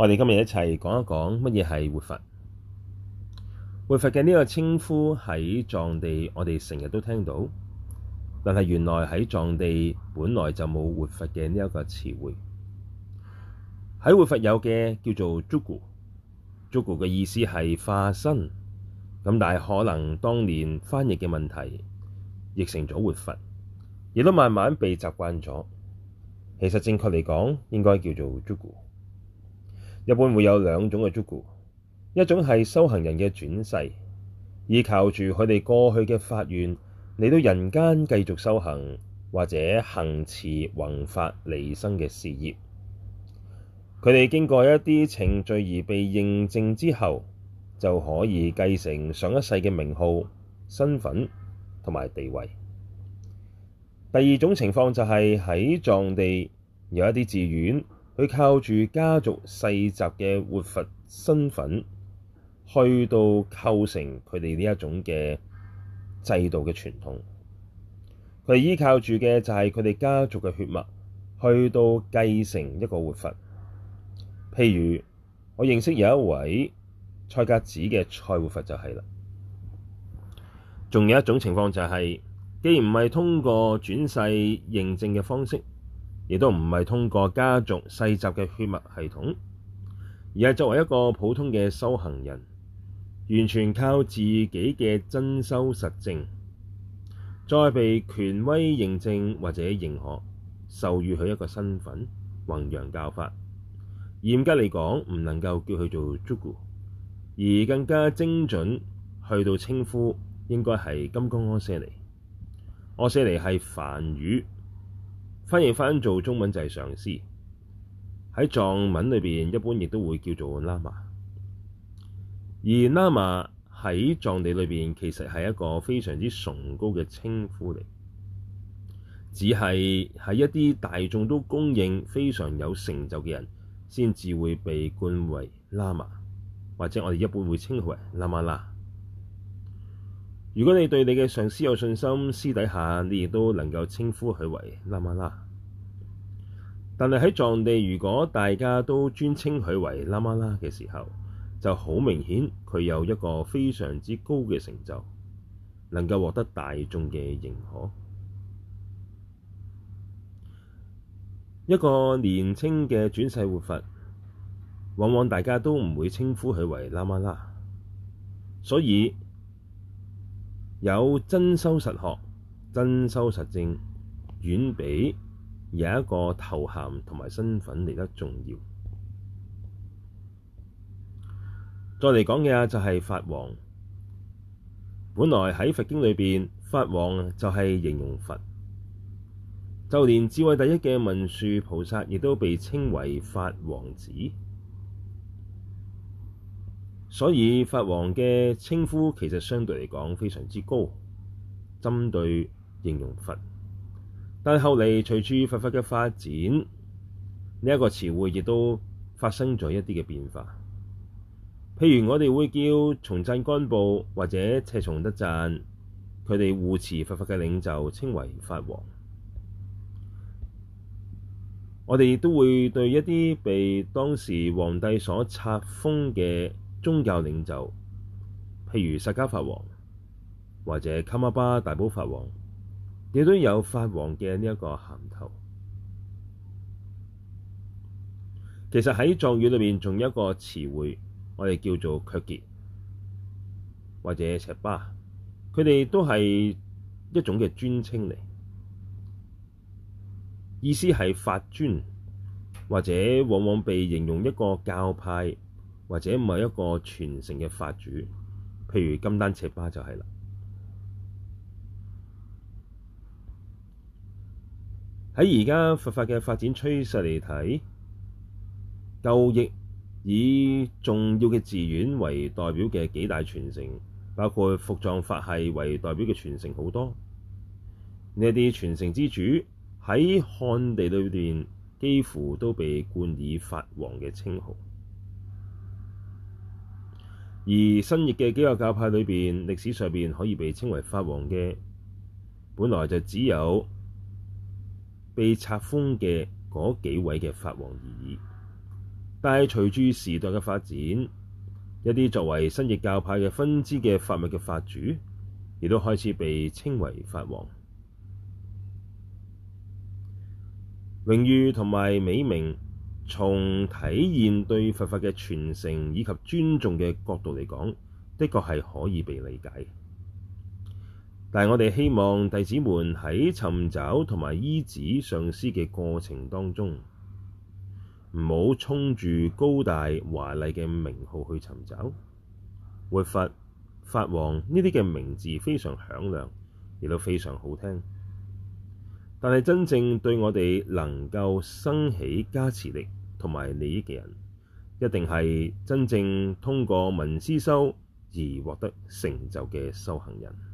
我哋今日一齊講一講乜嘢係活佛。活佛嘅呢個稱呼喺藏地，我哋成日都聽到，但係原來喺藏地本來就冇活佛嘅呢一個詞彙。喺活佛有嘅叫做祖古，祖古嘅意思係化身。咁但係可能當年翻譯嘅問題，譯成咗活佛，亦都慢慢被習慣咗。其實正確嚟講，應該叫做祖古。一般會有兩種嘅祖古，一種係修行人嘅轉世，依靠住佢哋過去嘅發願嚟到人間繼續修行或者行持弘法利生嘅事業。佢哋經過一啲程序而被認證之後，就可以繼承上一世嘅名號、身份同埋地位。第二種情況就係喺藏地有一啲寺院。佢靠住家族世襲嘅活佛身份，去到構成佢哋呢一種嘅制度嘅傳統。佢哋依靠住嘅就係佢哋家族嘅血脈，去到繼承一個活佛。譬如我認識有一位賽格寺嘅賽活佛就係啦。仲有一種情況就係、是，既然唔係通過轉世認證嘅方式。亦都唔係通過家族世集嘅血脈系統，而係作為一個普通嘅修行人，完全靠自己嘅真修實證，再被權威認證或者認可，授予佢一個身份，弘揚教法。嚴格嚟講，唔能夠叫佢做 j u g u 而更加精準，去到稱呼，應該係金剛安舍尼。阿舍尼係梵語，翻譯翻做中文就係上師，喺藏文裏邊一般亦都會叫做喇嘛，而喇嘛喺藏地裏邊其實係一個非常之崇高嘅稱呼嚟，只係喺一啲大眾都公認非常有成就嘅人先至會被冠為喇嘛，或者我哋一般會稱呼為喇嘛喇。如果你對你嘅上師有信心，私底下你亦都能夠稱呼佢為喇嘛喇。但係喺藏地，如果大家都尊稱佢為喇嘛喇嘅時候，就好明顯佢有一個非常之高嘅成就，能夠獲得大眾嘅認可。一個年輕嘅轉世活佛，往往大家都唔會稱呼佢為喇嘛喇，所以，有真修實學、真修實證，遠比有一個頭銜同埋身份嚟得重要。再嚟講嘅就係法王。本來喺佛經裏邊，法王就係形容佛。就連智慧第一嘅文殊菩薩，亦都被稱為法王子。所以法王嘅稱呼其實相對嚟講非常之高，針對形容佛。但係後嚟隨住佛法嘅發展，呢、這、一個詞彙亦都發生咗一啲嘅變化。譬如我哋會叫松贊干布或者赤松德贊，佢哋護持佛法嘅領袖稱為法王。我哋亦都會對一啲被當時皇帝所冊封嘅宗教領袖，譬如薩迦法王或者噶瑪巴大寶法王，亦都有法王嘅呢一個銜頭。其實喺藏語裏面仲有一個詞彙，我哋叫做卻傑或者赤巴，佢哋都係一種嘅尊稱嚟，意思係法尊，或者往往被形容一個教派。或者唔係一個傳承嘅法主，譬如金丹赤巴就係啦。喺而家佛法嘅發展趨勢嚟睇，舊譯以重要嘅寺院為代表嘅幾大傳承，包括伏藏法系為代表嘅傳承好多。呢啲傳承之主喺漢地裏邊，幾乎都被冠以法王嘅稱號。而新譯嘅幾個教派裏邊，歷史上邊可以被稱為法王嘅，本來就只有被冊封嘅嗰幾位嘅法王而已。但係隨住時代嘅發展，一啲作為新譯教派嘅分支嘅法脈嘅法主，亦都開始被稱為法王，榮譽同埋美名，從體現對佛法嘅傳承以及尊重嘅角度嚟講，的確係可以被理解。但係我哋希望弟子們喺尋找同埋依止上師嘅過程當中，唔好衝住高大華麗嘅名號去尋找。活佛、法王呢啲嘅名字非常響亮，亦都非常好聽。但係真正對我哋能夠生起加持力，同埋利益嘅人，一定係真正通過聞思修而獲得成就嘅修行人。